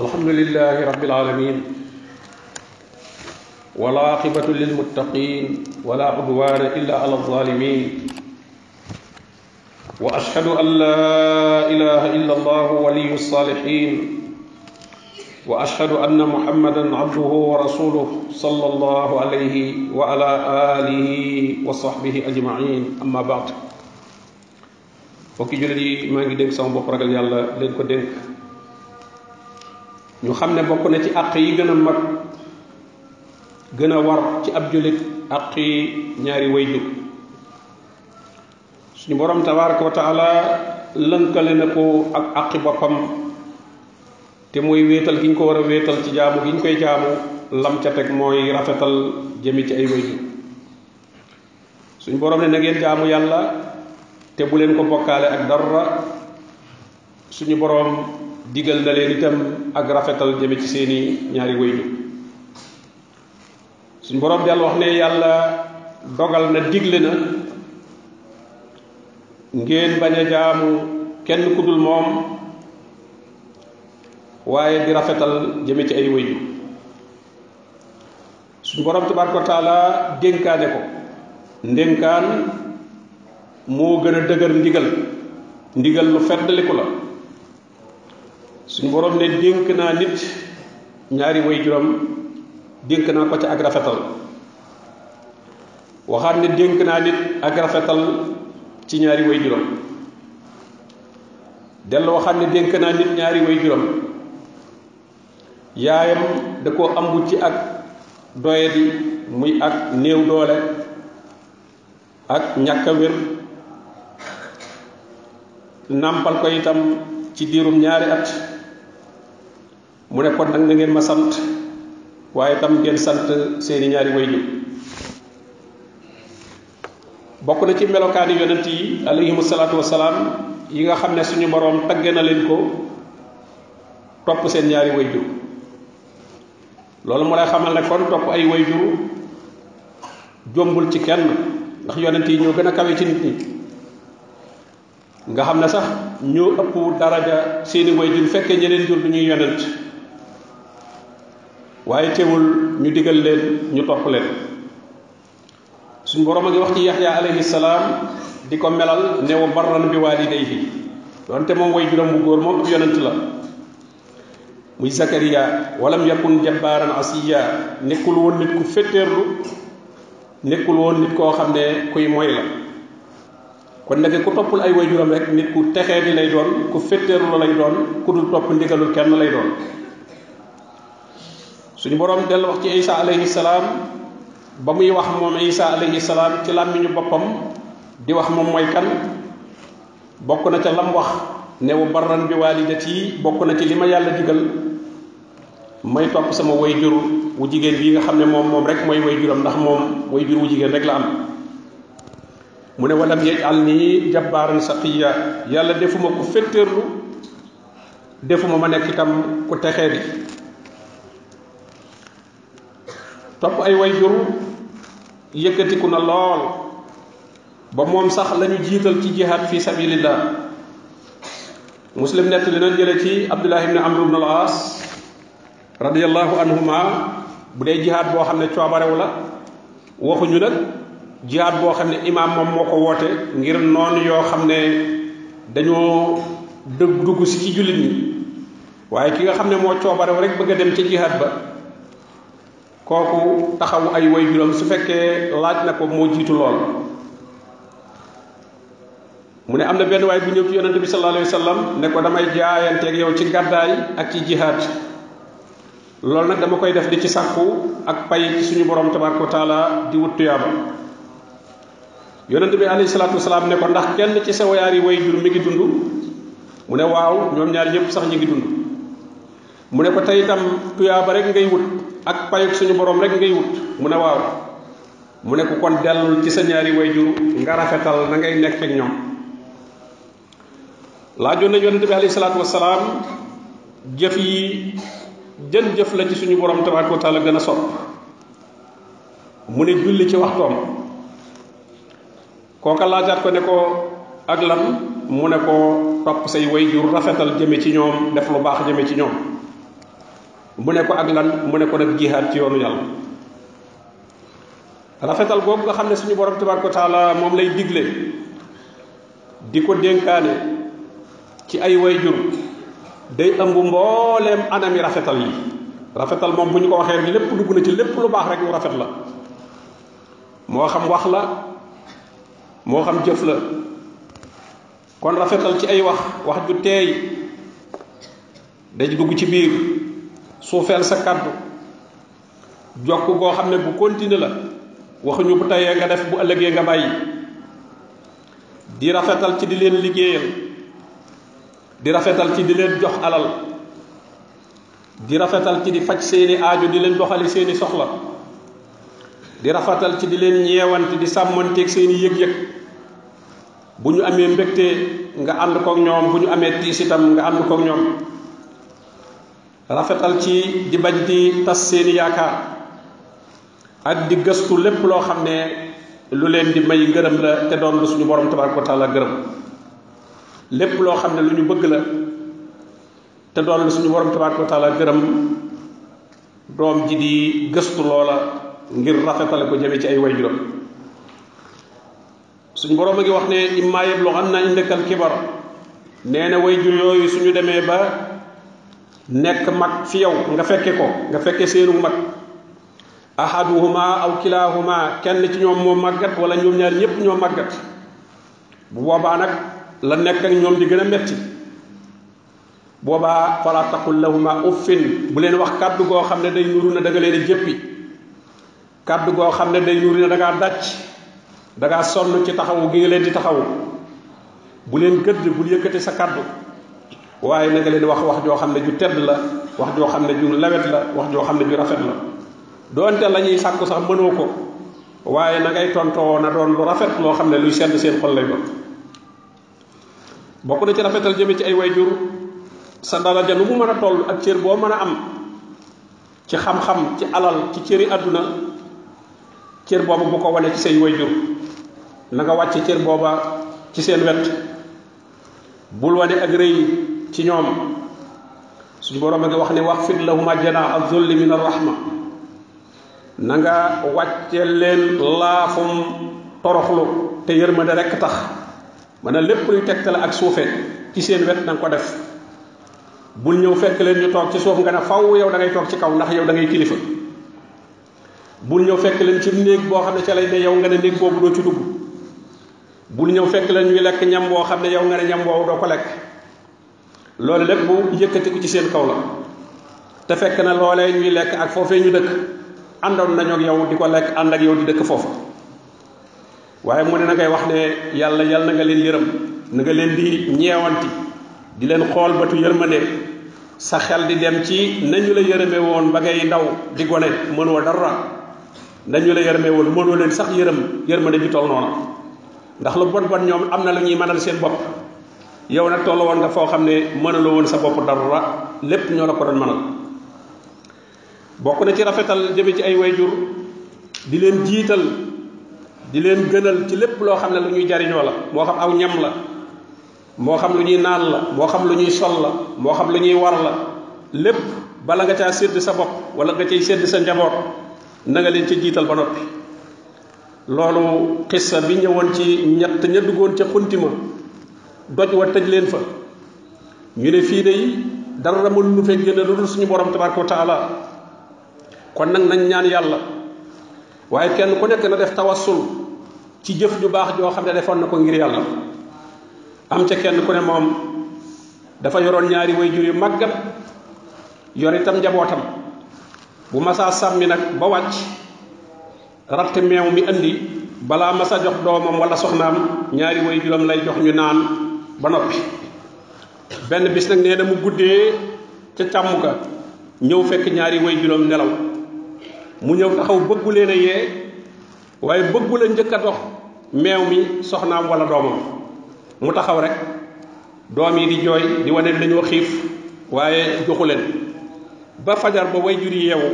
الحمد لله رب العالمين ولا عاقبة للمتقين ولا عدوان إلا على الظالمين وأشهد أن لا إله إلا الله ولي الصالحين وأشهد أن محمدا عبده ورسوله صلى الله عليه وعلى آله وصحبه أجمعين أما بعد فكي جلدي ما نجي دنك سام بوب راغال يالا ñu xam ne bokk na ci àq yi gën a mag gën a war ci ab julit àq yi ñaari way jur suñu borom tabaraka wa taala lënkale na ko ak àqi boppam te mooy wéetal gi ñu ko war a wéetal ci jaamu gi ñu koy jaamu lam ca teg mooy rafetal jëmi ci ay way jur suñ borom ne na ngeen jaamu yàlla te bu leen ko bokkaale ak dara suñu borom digal na leen itam ak rafetal jëme ci seeni ñaari wayju suñ borom yàlla wax ne yàlla dogal na digle na ngeen bañ a jaamu kenn ku dul moom waaye di rafetal jëme ci ay wayju suñ borom tabaraka wa taala dénkaane ko ndénkaan moo gën dëgër ndigal ndigal lu feddaliku la suñu boroom ne dénk naa nit ñaari way juróom dénk naa ko ci ak rafetal waxaat ne dénk naa nit ak rafetal ci ñaari way juróom dellu waxaat ne dénk naa nit ñaari way juróom yaayam da koo ambu ci ak doyadi muy ak néew doole ak ñàkk wér nàmpal ko itam ci diirum ñaari at mu ne kon nak na ngeen ma sant waye tam ngeen sant seeni ñaari wayju bokku na ci melokaani yonent yi alayhi salatu wassalam yi nga xamne suñu borom tagge na leen ko top seen ñaari wayju loolu mu lay xamal ne kon top ay wayju jombul ci kenn ndax yonent yi ñoo gëna a ci nit ñi nga xamne sax ñoo ëpp daraja seeni wayju fekke ñeneen jur duñuy yonent waaye teewul ñu diggal leen ñu topp leen suñ borom a ngi wax ci yaxya alayhi salaam di ko melal ne wa barran bi waalidayhi te moom way juróom bu góor moom ab yonent la muy zakariya walam yakun jabbaaran asiya nekkul woon nit ku fetteerlu nekkul woon nit koo xam ne kuy moy la kon nag ku toppul ay woy juróom rek nit ku texee di lay doon ku fetteerlu lay doon ku dul topp ndigalul kenn lay doon suñu borom del wax ci isa alayhi Salam, ba muy wax mom isa alayhi Salam, ci lamiñu bopam di wax mom moy kan bokku na ci lam wax ne wa barran bi walidati bokku na ci lima ma digal may top sama wayjur wu jigen bi nga xamne mom mom rek moy wayjuram ndax mom wayjur wu jigen rek la am mune walam yajalni jabbaran saqiya defuma ko fetterlu defuma ma nek tam ku top ay wayjur jur yëkkatiku na lool ba moom sax lañu jiital ci jihad fi sabilillah muslim nett li na jële ci abdullah ibn amr ibn al as radiyallahu anhuma bu dee jihaad boo xam ne coobarew la ñu nag jihad boo xam ne imaam moom moo ko woote ngir noonu yoo xam ne dañoo dëgg dugg si ci julit ñi waaye ki nga xam ne moo coobarew rek bëgg a dem ca jihad ba koku taxawu ay way juroom su fekkee laaj na ko moo jiitu lool mu ne am na benn waay bu ñëw ci yonente bi sallallahu alayhi wasallam ne ko damay jaayanteeg yow ci gàddaay ak ci jihaad loolu nag dama koy def di ci sàkku ak pay ci suñu borom tabaraka wa taala di wut tuyaaba yonente bi alayhi salatu wasalaam ne ko ndax kenn ci sa wayaari way jur mi ngi dund mu ne waaw ñoom ñaar ñëpp sax ñi ngi dund mu ne ko tey itam tuyaaba rek ngay wut ak payuk suñu borom rek ngay wut mu ne waaw mu ne ku kon dellul ci sa ñaari wayjur nga rafetal na ngay nekk ak ñoom laajoon nañu yonente bi alayhi salaatu wassalam jëf yi jën jëf la ci suñu borom tabaraka taala gëna sopp mu julli ci waxtoom kooka laajaat ko ne ko ak lan mu ko topp say wayjur rafetal jëme ci ñoom def lu baax jëme ci ñoom mu ne ko ak lan mu ne ko nak jihad ci yoonu yalla rafetal googu nga xamne suñu borom tabaraka taala mom lay digle di ko ci ay wayjur day ëmb mbooleem anami rafetal yi rafetal mom buñ ko waxé ni lepp duguna ci lepp lu bax rek lu rafet la mo xam wax la mo xam jëf la kon rafetal ci ay wax wax ju tey dañ dugg ci biir suufeel sa kàddu jokk goo xam ne bu continue la waxuñu bu teyee nga def bu ëllëgee nga bàyyi di rafetal ci di leen liggéeyal di rafetal ci di leen jox alal di rafetal ci di faj seeni aaju di leen doxali seeni soxla di rafetal ci di leen ñeewante di sàmmanteeg seeni yëg-yëg bu ñu amee mbégte nga ànd kook ñoom bu ñu amee tiis itam nga ànd kook ñoom rafetal ci di bañ di tas seeni yaakaar ak di gëstu lépp loo xam ne lu leen di may ngërëm la te doon suñu borom tabaraka wa taala gërëm lépp loo xam ne lu ñu bëgg la te doon lu suñu borom tabaraka wa gërëm doom ji di gëstu loola ngir rafetale ko jëme ci ay wayjuram suñu borom a ngi wax ne imma yablughanna indaka al-kibar nee na wayjur yooyu suñu demee ba nekk mag fi yow nga fekke ko nga fekke seenu mag ahaduhuma aw kilahuma kenn ci ñoom moo màggat wala ñoom ñaar ñépp ñoo màggat bu boobaa nag la nekk ak ñoom di gën a metti boobaa fala taqul lahuma uffin bu leen wax kàddu goo xam ne day nuru na da nga leen a jëppi kàddu goo xam ne day nuru na da ngaa dàcc da sonn ci taxawu gi nga leen di taxawu bu leen gëdd bul yëkkati sa kàddu waaye na nga leen wax wax joo xam ne ju tedd la wax joo xam ne ju lawet la wax joo xam ne ju rafet la doonte la ñuy sàkku sax mënoo ko waaye na ngay tontoo na doon lu rafet loo xam ne luy sedd seen xol lay doon bokk na ci rafetal jëme ci ay wayjur sa daraja nu mu mën a toll ak cër boo mën a am ci xam-xam ci alal ci cëri àdduna cër boobu bu ko wane ci say wayjur na nga wàcc cër booba ci seen wet bul wane ak rëy ci ñoom suñu borom nga wax ne wax fit lahum ajana azulli min arrahma na nga wacce leen laafum toroxlu te yërmande rek tax mën lepp luy tektal ak suufe ci seen wet nang ko def bul ñew fekk leen ñu tok ci suuf nga na faaw yow da ngay tok ci kaw ndax yow da ngay kilifa bul ñew fekk leen ci neeg bo xamne ci lay ne yow nga na neeg bobu do ci dugg bul ñew fekk leen ñu lek ñam bo xamne yow nga na ñam bo do ko lek loolu lépp yëkkatiku ci seen kaw la te fekk na loolee ñuy lekk ak foofee ñu dëkk àndoon nañu ak yow di ko lekk ànd ak yow di dëkk foofu waaye mu ne na ngay wax ne yàlla yàlla na nga leen yërëm na nga leen di ñeewanti di leen xool batu yërmande sa xel di dem ci nañu la yërëme woon ba ngay ndaw di gone mënoo dara nañu la yërëme woon mënoo leen sax yërëm yërmande ju toll noonu ndax lu bon bon ñoom am na lu ñuy seen bopp yow nag tollu woon nga foo xam ne mënalu woon sa bopp dara lépp ñoo la ko doon mënal bokk na ci rafetal jëme ci ay wayjur di leen jiital di leen gënal ci lépp loo xam ne lu ñuy jariñoo la moo xam aw ñam la moo xam lu ñuy naan la moo xam lu ñuy sol la moo xam lu ñuy war la lépp bala nga caa sédd sa bopp wala nga cay sédd sa njaboot na nga leen ca jiital ba noppi loolu xissa bi ñëwoon ci ñett ña duggoon ca xuntima doj wa tëj leen fa ñu ne fii de dara mënu nu fee génne lu dul suñu borom tabaraka wa taala kon nag nañ ñaan yàlla waaye kenn ku nekk na def tawassul ci jëf ju baax joo xam ne defoon na ko ngir yàlla am ca kenn ku ne moom dafa yoroon ñaari jur yu màggat yor itam njabootam bu masaa sàmmi nag ba wàcc ratt meew mi indi balaa masa jox doomam wala soxnaam ñaari waajuram lay jox ñu naan ba noppi benn bis nag nee na mu guddee ca càmm ga ñëw fekk ñaari way juróom nelaw mu ñëw taxaw bëggu leen a yee waaye bëggu la njëkk a dox meew mi soxnaam walla doomam mu taxaw rek doom yi di jooy di wane dañoo xiif waaye joxu leen ba fajar ba way jur yeewu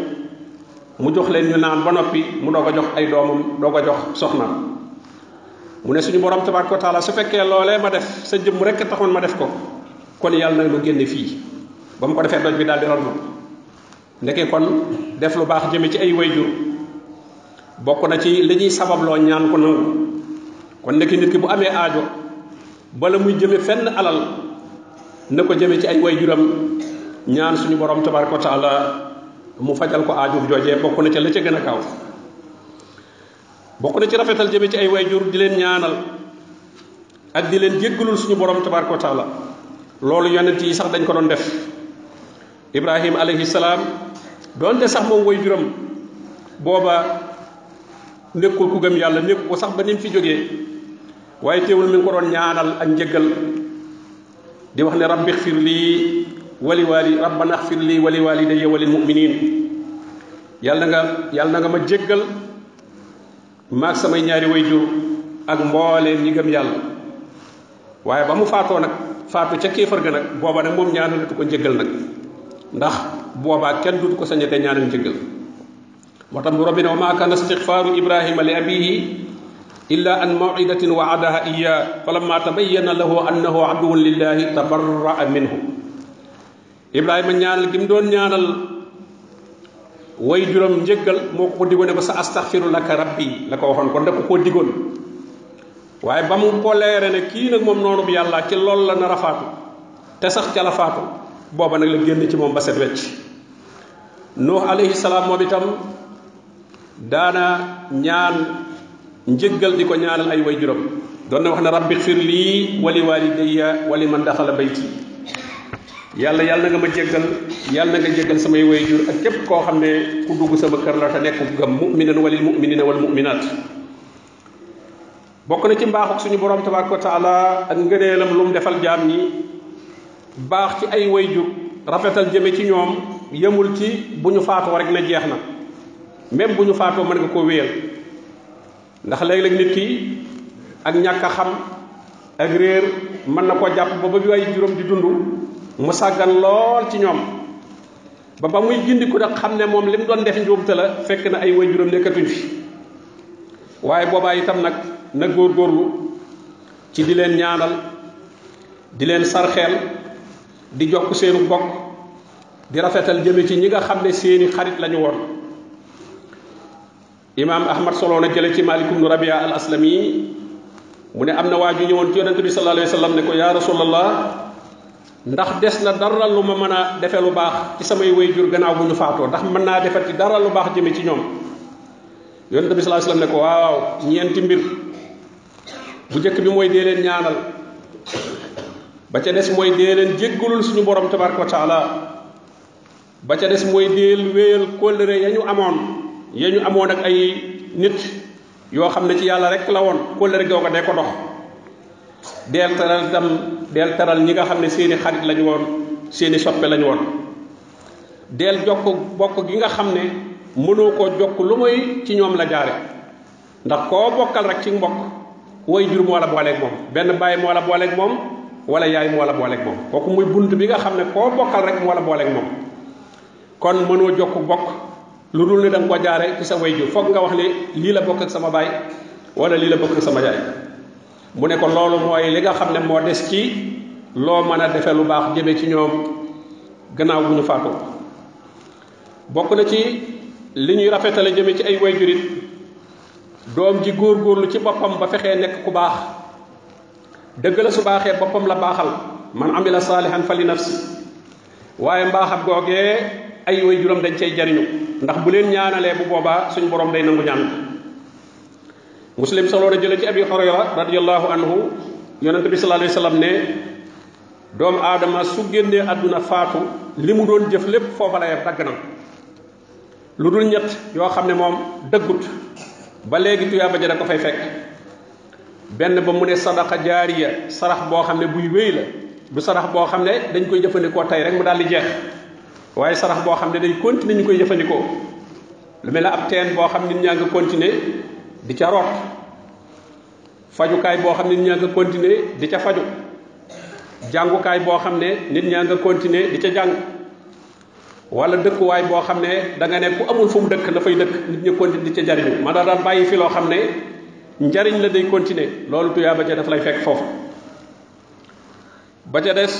mu jox leen ñu naan ba noppi mu doog a jox ay doomam doo ko jox soxnaam mu ne suñu borom tabaraka taala su fekkee loolee ma def sa jëm rek taxoon ma def ko kon yàlla nag lu génne fii ba mu ko defee doj bi daal di ror ma kon def lu baax jëme ci ay wayjur bokk na ci li ñuy sababloo ñaan ko nangu kon ndeke nit ki bu amee aajo bala muy jëme fenn alal na ko jëme ci ay wayjuram ñaan suñu borom tabaraka taala mu fajal ko aaju joojee bokk na ci la ca gën a bokku na ci rafetal jëme ci ay wayjur di leen ñaanal ak di leen jéggulul suñu borom tabaraka taala loolu yonent sax dañ ko doon def ibrahim alayhi salam, donte sax moom wayjuram booba nekkul ku gëm yàlla nekku ko sax ba nim fi jógee waaye teewul mi ngi ko doon ñaanal ak njëggal di wax ne rabbi xfir lii wali wali rabbana xfir wali wali day walil muminin yàlla nga yàlla nga ma jéggal maag samay ñaari way jur ak mbooleem ñi gëm yàlla waaye ba mu faatoo nag faatu ca kéefar ga nag booba nag moom ñaanalatu ko njëggal nag ndax boobaa kenn dutu ko sañate ñaanal njëggal moo tax mu rabbi ne wa maa kaana istigfaaru ibrahima li abihi إلا أن موعدة وعدها إياه فلما تبين له أنه عدو لله تبرأ منه إبراهيم نيال كم دون نيال way juróom njëggal moo ko ko digoon ne ko sa astaxfiru laka rabbi la ko waxoon kon dafa koo digoon waaye ba mu ko ne kii nag moom noonu bu yàlla ci loolu la nar a te sax ca la booba nag la génn ci moom ba set wecc nuux alayhi salaam moom itam daana ñaan njëggal di ko ñaanal ay way juróom doon na wax ne rabbi xir lii wali walidayya wali man daxala bayti yàlla yàlla na nga ma jéggal yàlla na nga jéggal samay waajur ak képp koo xam ne ku dugg sama kër la te nekk gëm muminan walil muminina wal muminaat bokk na ci mbaaxuk suñu borom tabaraka wa taala ak ngëneelam lu mu defal jaam ñi baax ci ay waajur rafetal jëme ci ñoom yëmul ci bu ñu faatoo rek na jeex na même bu ñu faatoo mën nga ko wéyal ndax léeg-léeg nit ki ak ñàkk xam ak réer mën na koo jàpp ba ba bi juróom di dund mu sàggan lool ci ñoom ba ba muy gindiku nag xam ne moom li mu doon def njuumte la fekk na ay waajuram nekkatuñ fi waaye boobaa itam nag na góorgóorlu ci di leen ñaanal di leen sarxeel di jokk seenu bokk di rafetal jëme ci ñi nga xam ne seeni xarit lañu woon imaam ahmad solo na jële ci malik ibnu rabia al aslami mu ne am na waa ju ñëwoon ci yonente bi sallallahu alayhi wa sallam ne ko yaa rasulallah ndax des na dara lu ma mën a defe lu baax ci samay wayjur gannaaw bu ñu faatoo ndax mën naa defati dara lu baax jëme ci ñoom yonent bi sallallahu alayhi wasallam ne ko waaw ñeenti mbir bu njëkk bi mooy dee leen ñaanal ba ca des mooy dee leen jéggalul suñu borom tabaraka wa taala ba ca des mooy deel wéyal kóllëre ya ñu amoon ya ñu amoon ak ay nit yoo xam ne ci yàlla rek la woon kóllëre googa dee ko dox deel teral tam del teral ñi nga xamne seeni xarit lañ woon seeni soppe lañ woon del jokk bokk gi nga xamne mëno ko jokk lu moy ci ñom la jaare ndax ko bokkal rek ci mbokk way jur moo la booleeg moom benn bàyyi mo la ak mom wala yaay moo la ak mom koku muy buntu bi nga xamne ko bokkal rek moo la ak mom kon mëno jokk bokk lu dul ne dang ko jaare ci sa wayju fokk nga wax li la bokk ak sama baay wala li la bokk sama jaay mu ne ko loolu mooy li nga xam ne moo des ci loo mën a defee lu baax jëme ci ñoom gannaaw bu ñu faatu bokk na ci li ñuy rafetale jëme ci ay way jurit doom ji góor góorlu ci boppam ba fexee nekk ku baax dëgg la su baaxee boppam la baaxal man amila salihan fali nafsi waaye mbaaxam googee ay way juram dañ cay jariñu ndax bu leen ñaanalee bu boobaa suñ borom day nangu ñaan muslim solo na jele ci abi hurayra radiyallahu anhu yonent bi sallallahu alayhi wasallam ne dom adama su gende aduna faatu limu don doon lepp lépp lay dagg ludul ñet yo xamne mom deggut ba legi tuya ba léegi ko fay fek ben ba mu ne sadaqa jariya sarax bo xamne buy weey la bu sarax bo xamne dañ koy jëfandikoo tay rek mu dal di jeex waye sarax bo xamne ne day continuer ñu koy lu mel ab teen bo xamne nit ñaa nga di ca root fajukaay boo xam ne nit ñaa nga continuer di ca faju jàngukaay boo xam ne nit ñaa nga continuer di ca jàng wala dëkkuwaay boo xam ne da nga ne ku amul fu mu dëkk dafay dëkk nit ñi continuer di ca jariñu man daa daan bàyyi fi loo xam ne njariñ la day continuer loolu tuyaaba ca daf lay fekk foofu ba ca des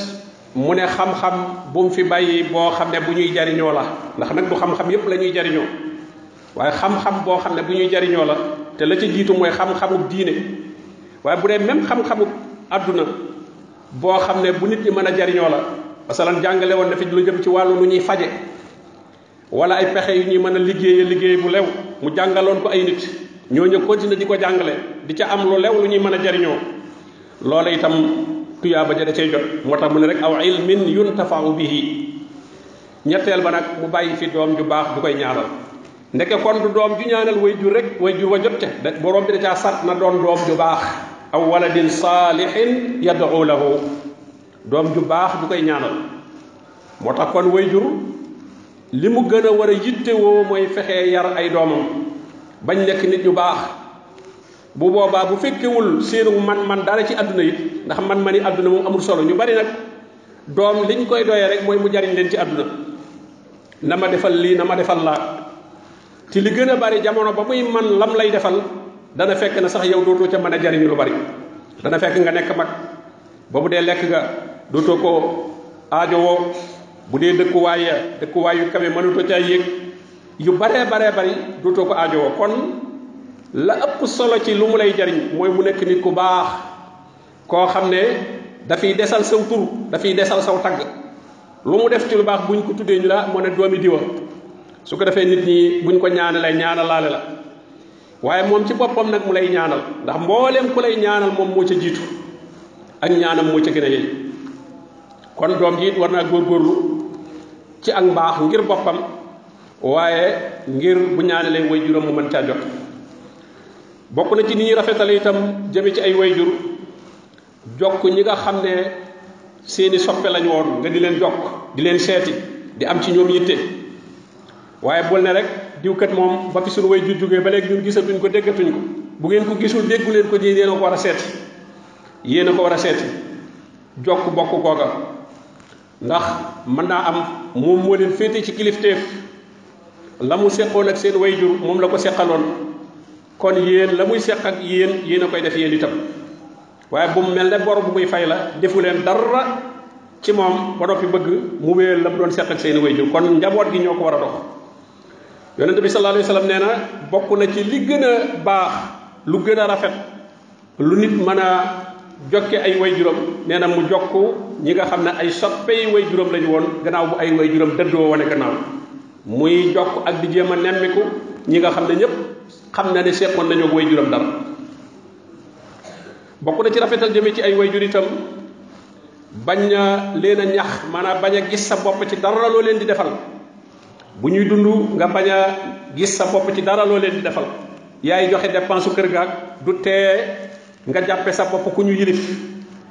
mu ne xam-xam bu mu fi bàyyi boo xam ne bu ñuy jariñoo la ndax nag du xam-xam yépp la ñuy jariñoo waaye xam-xam boo xam ne bu ñuy jariñoo la te la ci jiitu mooy xam-xamub diine waaye bu dee même xam-xamub àdduna boo xam ne bu nit ñi mën a jariñoo la masalan jàngale woon na fi lu jëm ci wàllu lu ñuy faje wala ay pexe yu ñuy mën a liggéeye liggéey bu lew mu jàngaloon ko ay nit ñooñu continuer di ko jàngale di ca am lu lew lu ñuy mën a jariñoo loola itam tuyaaba ja da cay jot moo tax mu ne rek aw ay ilmin yuntafau bihi ñetteel ba nag mu bàyyi fi doom ju baax du koy ñaanal ndeke kon du doom ju ñaanal way jur rek way jur wa jot ca da borom bi da caa sart na doon doom ju baax aw waladin saalihin yad'u lahu doom ju baax du koy ñaanal moo tax kon way jur li mu gën a war a yittewoo mooy fexe yar ay doomam bañ nekk nit ñu baax bu boobaa bu fekkewul seenu man-man dara ci àdduna it ndax man-man yi àdduna moom amul solo ñu bari nag doom liñ koy doyee rek mooy mu jariñ leen ci àdduna na ma defal lii na ma defal laa ci li gëna bari jamono ba muy man lam lay defal dana fekk na sax yow dooto ca mëna jariñu lu bari dana fekk nga nekk mag ba bu dee lekk ga dooto ko wo bu dee dëkkuwaay ya dëkkuwaay yu yek yu bare bare bari dooto ko aajowoo kon la ëpp solo ci lu mu lay jariñ mooy mu nekk nit ku baax koo xam ne dafay desal saw tur desal saw tagg lu mu def ci lu baax buñ ko tuddee ñu la ne doomi diwa su ko defee nit ñi buñ ko ñaanalee ñaanalaale la waaye moom ci boppam nag mu lay ñaanal ndax mbooleem ku lay ñaanal moom moo ca jiitu ak ñaanam moo ca gën a kon doom ji war naa góorgóorlu ci ak mbaax ngir boppam waaye ngir bu ñaanalee way juram mu mën caa jot bokk na ci ni ñuy rafetal itam jëme ci ay way jur jokk ñi nga xam ne seeni soppe lañ woon nga di leen jokk di leen seeti di am ci ñoom yitte waaye bul ne rek diwkat moom ba fi suñu way ju jógee ba léegi ñun gisatuñ ko déggatuñ ko bu ngeen ko gisul déggu leen ko ji yéen a ko war a seeti yéen a ko war a seeti jokk bokk kooka ndax mën naa am moom moo leen féete ci kilifteef la mu seqoon ak seen way jur moom la ko seqaloon kon yéen la muy seq ak yéen yéen a koy def yéen itam waaye bu mu mel ne bor bu muy fay la defu leen dara ci moom ba noppi bëgg mu wéyal la mu doon seq ak seen way jur kon njaboot gi ñoo ko war a dox yonente bi sallallahu alayhi wasallam neena bokku na ci li gëna baax lu gëna rafet lu nit mëna jokke ay wayjuram neena mu jokku ñi nga xamne ay soppe yi wayjuram juram lañu won gënaaw bu ay wayjuram juram woné gënaaw muy jokk ak di jema nemmiku ñi nga xamne ñëpp xamna na ne seqoon nañu wayjuram juram dara bokku na ci rafetal jëme ci ay wayjur itam baña leena ñax mana baña gis sa bop ci dara lo leen di defal bu ñuy dund nga baña gis sa bopp ci dara loo leen di defal yaay joxe dépense kër gaag du tee nga jàppe sa bopp ku ñu yilif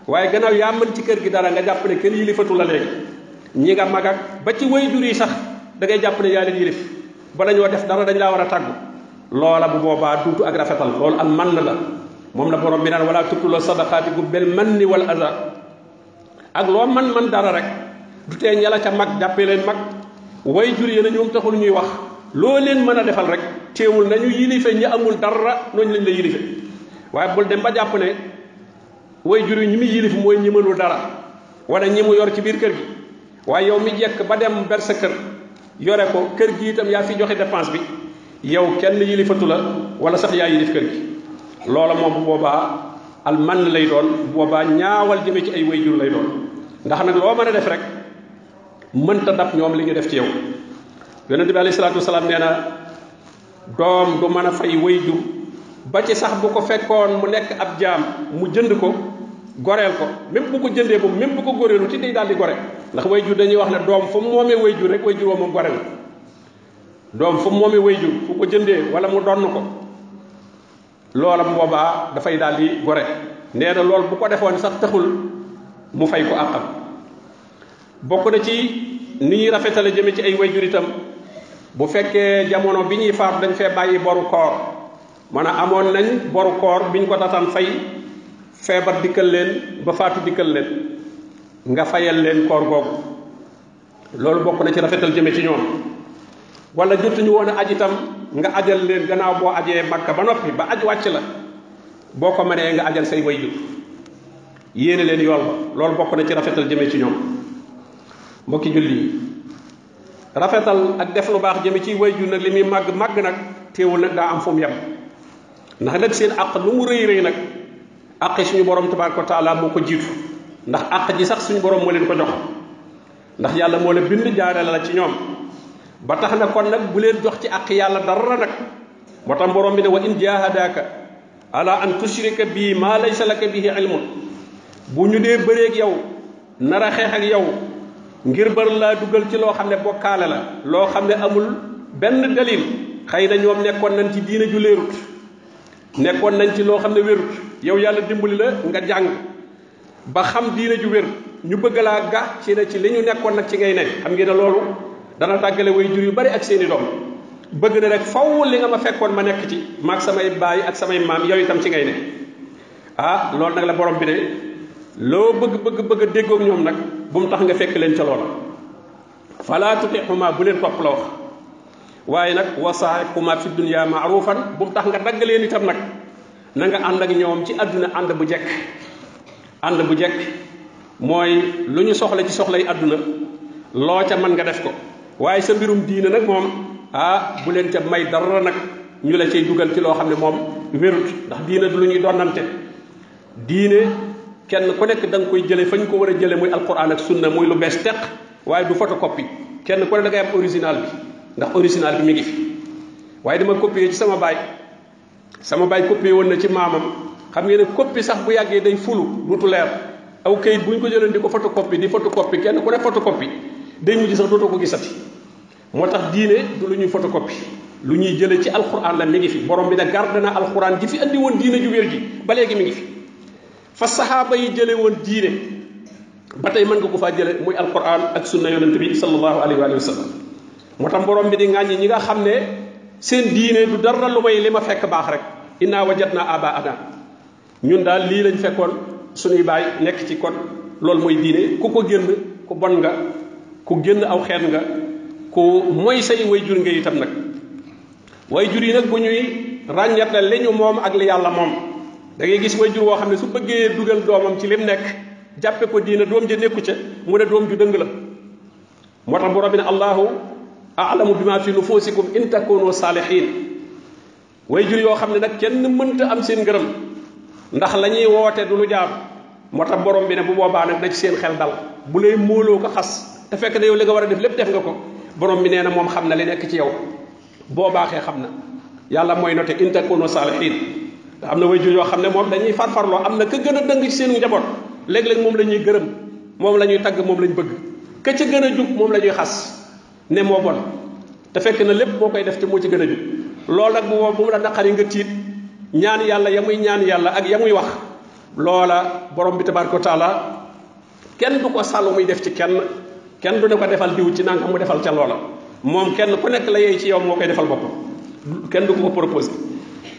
waaye gannaaw yaa mën ci kër gi dara nga jàpp ne kenn yilifatu la léegi ñi nga mag ak ba ci way jur yi sax da ngay jàpp ne yaa leen yilif bala ñoo def dara dañ laa war a tàggu loola bu boobaa duutu ak rafetal loolu am man la moom la borom bi naan wala tubtuloo sadaqaati gu bel man ni wal aza ak loo man man dara rek du tee ñala ca mag jàppee leen mag way jur yi a ñoom taxul ñuy wax loo leen mën a defal rek teewul nañu yilife ñi amul dara noonu lañ la yilife waaye bul dem ba jàpp ne way jur yi ñi muy yilif mooy ñi mënul dara wala ñi mu yor ci biir kër gi waaye yow mi jekk ba dem ber sa kër yore ko kër gi itam yaa fi joxe dépense bi yow kenn yilifatu la wala sax yaa yilif kër gi loola moom bu boobaa al man lay doon boobaa ñaawal jëme ci ay way jur lay doon ndax nag loo mën a def rek mënta ndax ñoom li ñu def ci yow yonente bi alayhi salaatu wasalaam nee na doom du mën a fay wayjur ba ci sax bu ko fekkoon mu nekk ab jaam mu jënd ko goreel ko même bu ko jëndee boobu même bu ko goreelu ti day daal di gore ndax wayjur dañuy wax ne doom fu mu moomee wayjur rek wayjur woo moom gore la doom fu mu moomee wayjur fu ko jëndee wala mu donn ko loola bu boobaa dafay daal di gore nee na lool bu ko defoon sax taxul mu fay ko àqam bokk na ci ni ñuy rafetale jëme ci ay wayjur itam bu fekkee jamono bi ñuy faatu dañ fee bàyyi boru koor man a amoon nañ boru koor bi ñu ko dataan fay feebar dikkal leen ba faatu dikkal leen nga fayal leen koor googu loolu bokk na ci rafetal jëme ci ñoom wala jotuñu woon a aj itam nga ajal leen gannaaw boo ajee makka ba noppi ba aj wàcc la boo ko manee nga ajal say wayjur yéene leen yool loolu bokk na ci rafetal jëme ci ñoom mbokki julli rafetal ak def lu bax jëme ci wayju nak limi mag mag nak teewul nak da am fum yam ndax nak seen àq lu mu reey reey nak àq suñu borom tabaraka taala moko jitu ndax àq ji sax suñu borom mo leen ko jox ndax yàlla mo le bind jaarale la ci ñoom ba tax na kon nak bu leen jox ci àq yàlla dara nak motam borom bi ne wa in jahadaka ala an tushrika bi ma laysa laka bihi ilmun bu ñu dee bëreeg yow nara a xeex ak yow ngir bar la duggal ci lo xamne bokale la lo xamne ne amul ben dalil kaida na ñoom nekkon nañ ci diina ju leerut nekkon nañ ci lo xamne ne yow yalla dimbali la nga jang ba xam diina ju wer ñu bëgg la ga ci ne ci li ñu nekkoon ci ngay ne xam ngeen loolu dana tagale way jur bari ak seeni doom bëgg na rek faw li nga ma fekkon ma nekk ci maag samay baay ak samay maam yow itam ci ngay ne ah loolu nak la borom bi de lo bëgg bëgg bëgg déggoog ñoom nak bu mu tax nga fekk leen ca lool fala tutixuma bu leen topp la wax waaye nag wasaaxuma fi dunya maarufan bu mu tax nga dagg leen itam nag na nga ànd ak ñoom ci àdduna ànd bu jekk ànd bu jekk mooy lu ñu soxla ci soxlay àdduna loo ca man nga def ko waaye sa mbirum diina nag moom ah bu leen ca may dara nag ñu la cay dugal ci loo xam ne moom wérut ndax diine du lu ñuy donnante diine kenn ku nekk da nga koy jëlee fañ ko war a jëlee muy alquran ak sunna muy lu bees teq waaye du photocopie kenn ku ne da ngay am original bi ndax original bi mi ngi fi waaye dama copier ci sama baay sama baay copier woon na ci maamam xam ngeen ne copie sax bu yàggee day fulu dutu leer aw kayit buñ ko jëlee di ko photocopie di photocopie kenn ku ne photocopie day mujj sax dootoo ko gisati moo tax diine du lu ñuy photocopie lu ñuy jëlee ci alquran la mi ngi fi borom bi da garde na alquran ji fi andi woon diine ju wér ji ba léegi mi ngi fi fa sahaba yi jele won diine batay man ko fa jele muy alquran ak sunna yonent bi sallallahu alaihi wa sallam motam borom bi di ngagne ñi nga xamne seen diine du dara lu may lima fekk bax rek inna wajadna aba ada. ñun daal li lañ fekkon suñuy bay nek ci kon lol moy diine ku ko genn ku bon nga ku genn aw xeet nga ku moy say wayjur nga itam yi nak bu ñuy mom ak li yalla mom da ngay gis way jur woo xam ne su bëggee dugal doomam ci lim nekk jàppe ko diina doom ja nekku ca mu ne doom ju dëng la moo tax borom bi ne allahu alamu bima fi nufusikum in takunu salihin way jur yoo xam ne nag kenn mënta am seen ngërëm ndax la ñuy woote du lu jaar moo tax borom bi ne bu boobaa nag na ci seen xel dal bu lay móoloo ko xas te fekk ne yow li nga war a def lépp def nga ko borom bi nee na moom xam na li nekk ci yow boo baaxee xam na yàlla mooy note in takunu salihin amna na wayjur yoo xam ne dañuy farfarloo am na ka gën a dëng ci seen njabot leg leg mom lañuy ñuy mom lañuy tag mom tagg bëgg ka ci gën juk mom lañuy xass ne mo bon te fekk na lepp bokay def ci mo ci gën juk lool ak bu bu mu la naqari nga tiit ñaan yalla yamuy ñaan yalla ak yamuy wax loola borom bi tabaraku taala kenn du ko sàll muy def ci kenn kenn du ne ko defal diw ci nangam mu defal ca loola moom kenn ku nekk la yey ci yow moo koy defal boppam kenn du ko ko proposé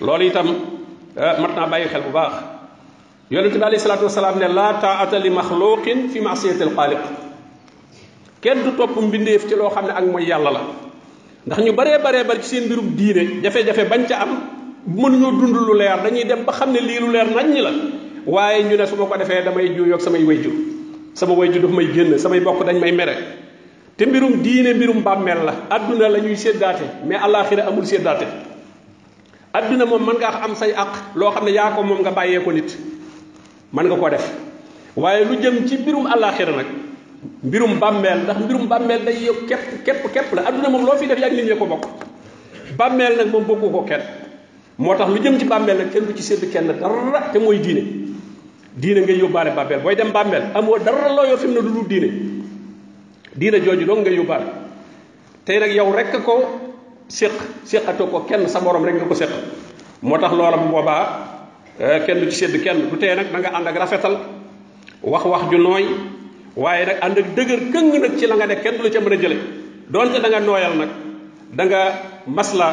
loolu itam Eh, matna bayi xel bu baax yonent bi alayhi salaatu wasalaam ne laa taata li makhluqin fi masiyati al-khaliq kenn du top mbindeef ci loo xam ne ak mooy yàlla la ndax ñu bare bare bari ci seen mbirum diine jafe-jafe bañ ca am mënuñoo dund lu leer dañuy dem ba xam ne lii lu leer nañ la waaye ñu ne su ma ko defee damay juuyoog samay wayju sama wayju daf may génn samay bokk dañ may mere te mbirum diine mbirum bàmmeel la àdduna la ñuy séddaate mais alaxira amul séddaate aduna mom man nga am say ak lo xamne ya ko mom nga baye ko nit man nga ko def waye lu jëm ci birum àllaaxira nak, birum bammel ndax birum bammel day yow kep kep kep la aduna mom loh fi def yak nit ñee ko bok bammel nag mom bokku ko kenn motax lu jëm ci bammel nak kenn du ci sedd kenn dara te moy diine diine nga yobale bammel boy dem bammel amo dara lo yor fi lu diine diine joju do nga yobale tay nak yow rek ko sekk sekkato ko kenn sa borom rek nga ko sekk moo tax loola bu eh, kenn du ci sedd kenn du tee nag da nga ànd ak rafetal wax wax ju nooy waaye nag ànd ak dëgër këng nag ci la nga nekk kenn du la ca mën a jële da nga nooyal nag da nga masla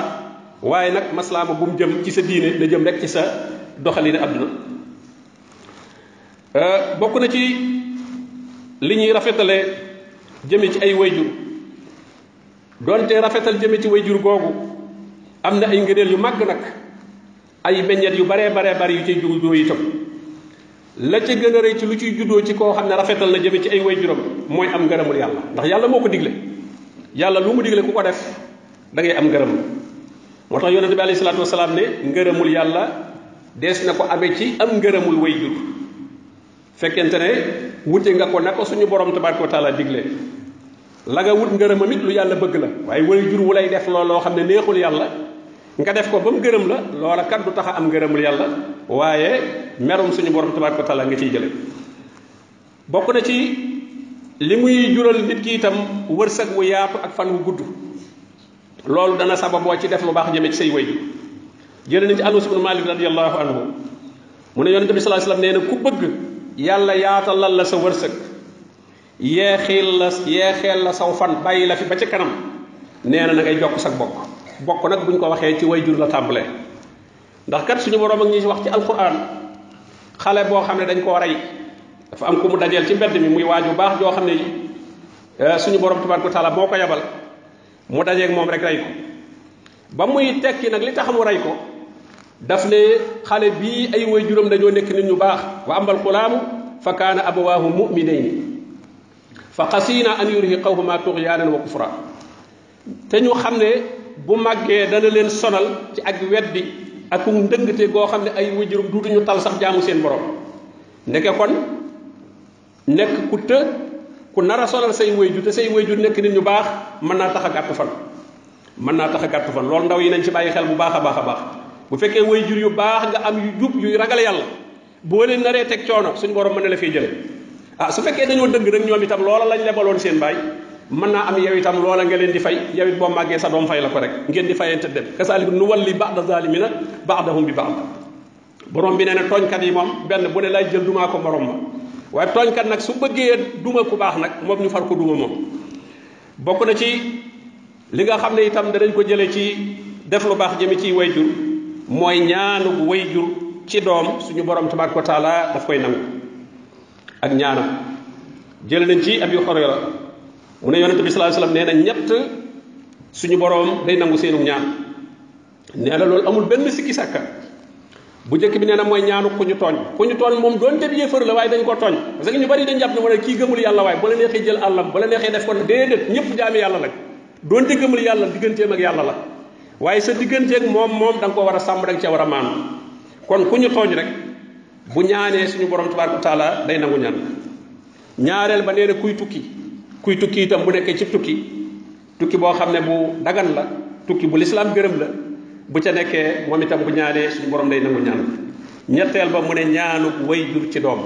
waaye nag maslaa ma bu mu jëm ci sa diine da jëm rek ci sa doxalin àdduna eh, bokk na ci li ñuy rafetale jëme ci ay wayjur donte rafetal jëme ci way jur googu am na ay ngëneel yu màgg nag ay meññet yu baree baree bari yu ciy juddoo itam la ca gën a rëy ci lu ciy juddoo ci koo xam ne rafetal na jëme ci ay wayjuram mooy am ngërëmul yàlla ndax yàlla moo ko digle yàlla lu mu digle ku ko def da ngay am ngërëm moo tax yonente bi alayhi salaatu wasalaam ne ngërëmul yàlla des na ko amee ci am ngërëmul wayjur fekkente ne wute nga ko na ko suñu borom tabaraka wa taala digle la nga wut ngërëmam it lu yalla bëgg la waaye wala jur wu lay def loolu loo xam neexul yalla nga def ko bam mu la loola kat du taxa am ngërëmul yalla waye merum suñu borom tabaraka taala nga ci jëlé bokku na ci limuy jural nit ki itam wërsëg wu yaatu ak fan wu gudd loolu dana sababoo ci def lu baax jëme ci sey way jël nañ ci anas ibnu malik radiyallahu anhu mu ne yonente bi sallallahu alayhi wasallam neena ku bëgg yàlla yaatalal la sa wërsëg yeexil la yeexeel la saw fan bàyyi la fi ba ci kanam nee na na ngay jokk sag bokk bokk nag buñ ko waxee ci way jur la tàmbalee ndax kat suñu borom ak ñi ci wax ci alquran xale boo xam ne dañ koo rey dafa am ku mu dajeel ci mbedd mi muy waaju baax joo xam ne eh, suñu borom tabaaraka taala moo ko yabal mu dajeeg moom rek rey ko ba muy tekki nag li tax rey ko daf ne xale bii ay way juram dañoo nekk nit ñu baax wa ambal xulaamu fa kaana abawaahu muminayni fa xasiina an yurhiqahuma tuxyaanan wa kufra te ñu xam ne bu màggee dana leen sonal ci ak weddi ak ndëngte goo xam ne ay wajurum ñu tal sax jaamu seen borom ndeke kon nekk ku të ku nar a sonal say wayju te say wayju nekk nit ñu baax mën naa tax a gàtt fan mën naa tax a gàtt fan loolu ndaw yi nañ ci bàyyi xel bu baax a baax a baax bu fekkee jur yu baax nga am yu jub yuy ragal yàlla boo leen naree teg coono suñu borom mën na la fiy ah su fekkee dañoo dëgg rek ñoom itam loola lañ lebaloon seen baay mën naa am yow itam loola nga leen di fay yow it boo màggee sa doom fay la ko rek ngeen di fayante dem kasalik nu walli ba'da zalimina ba'dahum bi ba'd borom bi nee nag tooñkat yi moom benn bu ne lay jël dumaa ko morom ma waaye tooñkat nag su bëggee duma ku baax nag moom ñu far ko duma moom bokk na ci li nga xam ne itam danañ ko jëlee ci def lu baax jëmi ci wayjur mooy ñaanu wayjur ci doom suñu borom tabaraka wa taala daf koy nangu ak ñaanam jël nañ ci abi xorayra mu ne yonente bi salaa sallam nee na ñett suñu borom day nangu seenu ñaan nee na loolu amul benn sikki sàkka bu jëkk bi nee na mooy ñaanu ku ñu tooñ ku ñu tooñ moom doonte bi yëfër la waaye dañ ko tooñ parce que ñu bari dañ jàpp ne wala kii gëmul yàlla waaye bu la neexee jël àllam bu la neexee def ko déedéet ñëpp jaami yàlla doon te gëmul yàlla digganteem ak yàlla la waaye sa digganteeg moom moom da nga ko war a sàmm da nga cee war a maanu kon ku ñu tooñ rek bu ñaanee suñu borom tabaaraka taala day nangu ñaan ñaareel ba nee na kuy tukki kuy tukki itam bu nekkee ci tukki tukki boo xam ne bu dagan la tukki bu lislaam gërëm la bu ca nekkee moom itam bu ñaanee suñu borom day nangu ñaan ñetteel ba mu ne ñaanu way jur ci doom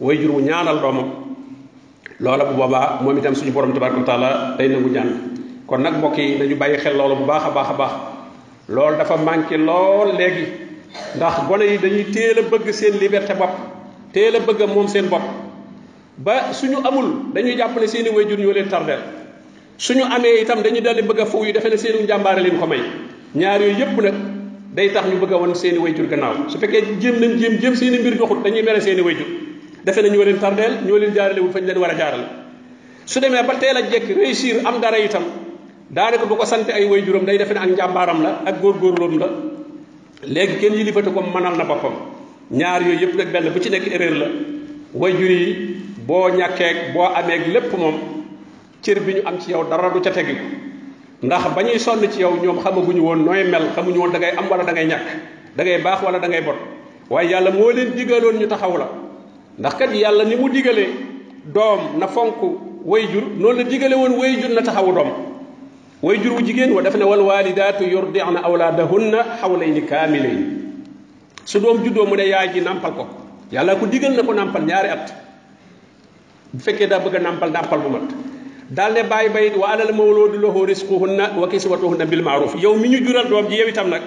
way jur wu ñaanal doomam loola bu boobaa moom itam suñu borom tabaaraka taala day nangu ñaan kon nag mbokki yi dañu bàyyi xel loolu bu baax a baax a baax loolu dafa manqué lool léegi. ndax gone yi dañuy teel a bëgg seen liberté bopp teel a bëgg moom seen bopp ba suñu amul dañuy jàpp ne seen i wayjur ñoo leen tardeel suñu amee itam dañuy daldi bëgg a fuuy defe ne seen njàmbaare leen ko may ñaar yooyu yëpp nag day tax ñu bëgg a won seen i wayjur gannaaw su fekkee jéem nañ jéem jéem seen i mbir doxut dañuy mere seen i wayjur defe ne ñoo leen tardeel ñoo leen jaaralewul fañ leen war a jaaral su demee ba teel a jekk réussir am dara itam daanaka du ko sant ay wayjuram day defe ak njàmbaaram la ak góorgóorloom la léegi kenn yilifatu ko mënal na boppam ñaar yooyu yëpp nag benn bu ci nekk erreur la wayjur yi boo ñàkkeeg boo ameeg lépp moom cër bi ñu am ci yow dara du ca tegi ndax ba ñuy sonn ci yow ñoom xamaguñu woon nooy mel xamuñu woon da ngay am wala da ngay ñàkk da baax wala da ngay waaye yàlla moo leen diggaloon ñu taxaw la ndax kat yàlla ni mu digalee doom na fonk jur noonu la digale woon wayjur na taxawu doom way jur wu jigéen wa daf ne wal waalidaatu yurdi'na awlaadahunna xawlayni kaamilayn su doom juddoo mu ne yaay ji nàmpal ko yàlla ku digal na ko nàmpal ñaari at bu fekkee daa bëgg a nàmpal bu mat daal ne bàyyi bayit wa alal mawloodu lahu risquhunna wa kiswatuhunna bil yow mi ñu jural doom ji yow itam nag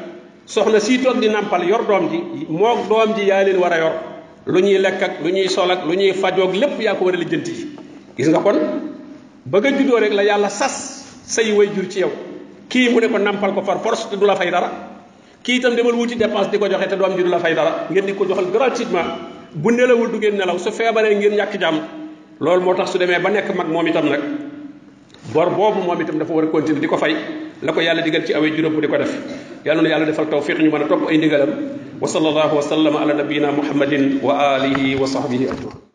soxna sii toog di nàmpal yor doom ji moog doom ji yaa leen war a yor lu ñuy lekk ak lu ñuy sol ak lu ñuy fajoog lépp yaa ko war a lijjanti gis nga kon bëgg a juddoo rek la yàlla sas say way jur ci yow kii mu ne ko nampal ko par force te du la fay dara kii itam demal wuti dépense di ko joxe te doom ji du la fay dara ngeen di ko joxal gratuitement bu nelawul du ngeen nelaw su feebaree ngeen ñàkk jàmm lool moo tax su demee ba nekk mag moom itam nag bor boobu moom itam dafa war a continuer di ko fay la ko yàlla digal ci awee juróom bu di ko def yàlla na yàlla defal tawfiq ñu mën a topp ay ndigalam wa sallallahu wa sallama ala nabiyina muhammadin wa alihi wa sahbihi ajmain